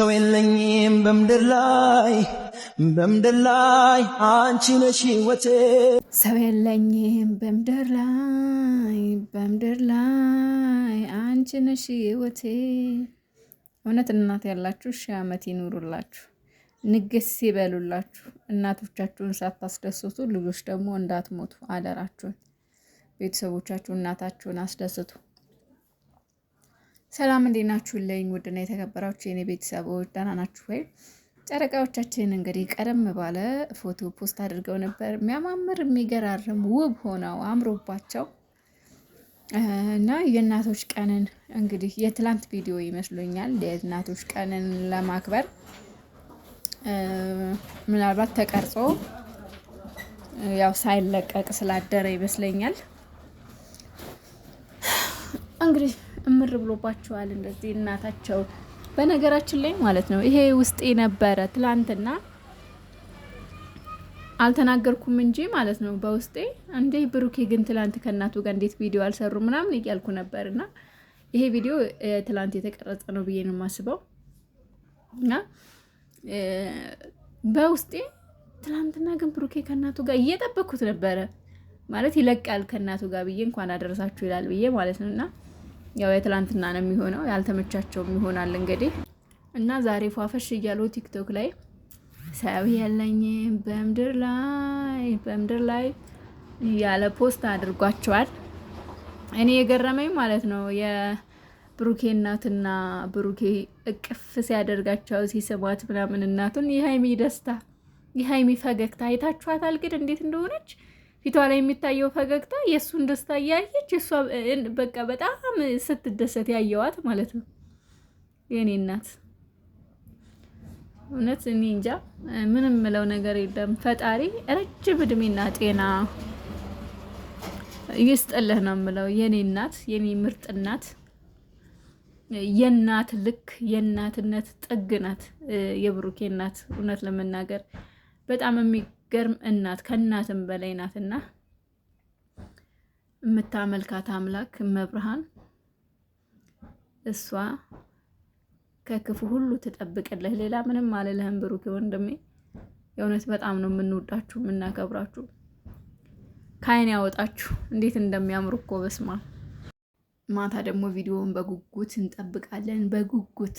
ሰው የለኝም በምድር ላይ በምድር ላይ አንቺ ነሽ ህይወቴ። ሰው የለኝም በምድር ላይ በምድር ላይ አንቺ ነሽ ህይወቴ። እውነት እናት ያላችሁ ሺህ ዓመት ይኑሩላችሁ፣ ንግስ ይበሉላችሁ። እናቶቻችሁን ሳታስደስቱ ልጆች ደግሞ እንዳትሞቱ አደራችሁን። ቤተሰቦቻችሁ እናታችሁን አስደስቱ። ሰላም እንዴት ለኝ ውድና የተከበራችሁ የኔ ቤተሰቦች ደህና ናችሁ ወይ? ጨረቃዎቻችን እንግዲህ ቀደም ባለ ፎቶ ፖስት አድርገው ነበር። የሚያማምር የሚገራርም ውብ ሆነው አምሮባቸው እና የእናቶች ቀንን እንግዲህ የትላንት ቪዲዮ ይመስሉኛል የእናቶች ቀንን ለማክበር ምናልባት ተቀርጾ ያው ሳይለቀቅ ስላደረ ይመስለኛል እንግዲህ እምር ብሎባቸዋል። እንደዚህ እናታቸው በነገራችን ላይ ማለት ነው ይሄ ውስጤ ነበረ ትላንትና አልተናገርኩም እንጂ ማለት ነው በውስጤ እንዴ ብሩኬ ግን ትላንት ከእናቱ ጋር እንዴት ቪዲዮ አልሰሩ ምናምን እያልኩ ነበር። እና ይሄ ቪዲዮ ትላንት የተቀረጸ ነው ብዬ ነው የማስበው። እና በውስጤ ትላንትና ግን ብሩኬ ከእናቱ ጋር እየጠበኩት ነበረ ማለት ይለቃል ከእናቱ ጋር ብዬ እንኳን አደረሳችሁ ይላል ብዬ ማለት ነው እና ያው የትላንትና ነው የሚሆነው። ያልተመቻቸውም ይሆናል እንግዲህ እና ዛሬ ፏፈሽ እያሉ ቲክቶክ ላይ ሰው የለኝም በምድር ላይ በምድር ላይ ያለ ፖስት አድርጓቸዋል። እኔ የገረመኝ ማለት ነው የብሩኬ እናትና ብሩኬ እቅፍ ሲያደርጋቸው ሲስቧት ምናምን እናቱን የሀይሚ ደስታ የሀይሚ ፈገግታ አይታችኋታል ግን እንዴት እንደሆነች ፊቷ ላይ የሚታየው ፈገግታ የእሱን ደስታ እያየች እሷ በቃ በጣም ስትደሰት ያየዋት ማለት ነው። የኔ እናት እውነት እኔ እንጃ ምንም ምለው ነገር የለም። ፈጣሪ ረጅም እድሜና ጤና ይስጥልህ ነው የምለው። የኔ እናት፣ የኔ ምርጥ እናት፣ የእናት ልክ የእናትነት ጥግ ናት የብሩኬ እናት። እውነት ለመናገር በጣም የሚ ገርም እናት ከእናትም በላይ ናትና የምታመልካት አምላክ መብርሃን እሷ ከክፉ ሁሉ ትጠብቅልህ። ሌላ ምንም አልልህም ብሩክ ወንድሜ፣ የእውነት በጣም ነው የምንወዳችሁ የምናከብራችሁ። ከአይን ያወጣችሁ እንዴት እንደሚያምሩ እኮ በስማ ማታ ደግሞ ቪዲዮውን በጉጉት እንጠብቃለን በጉጉት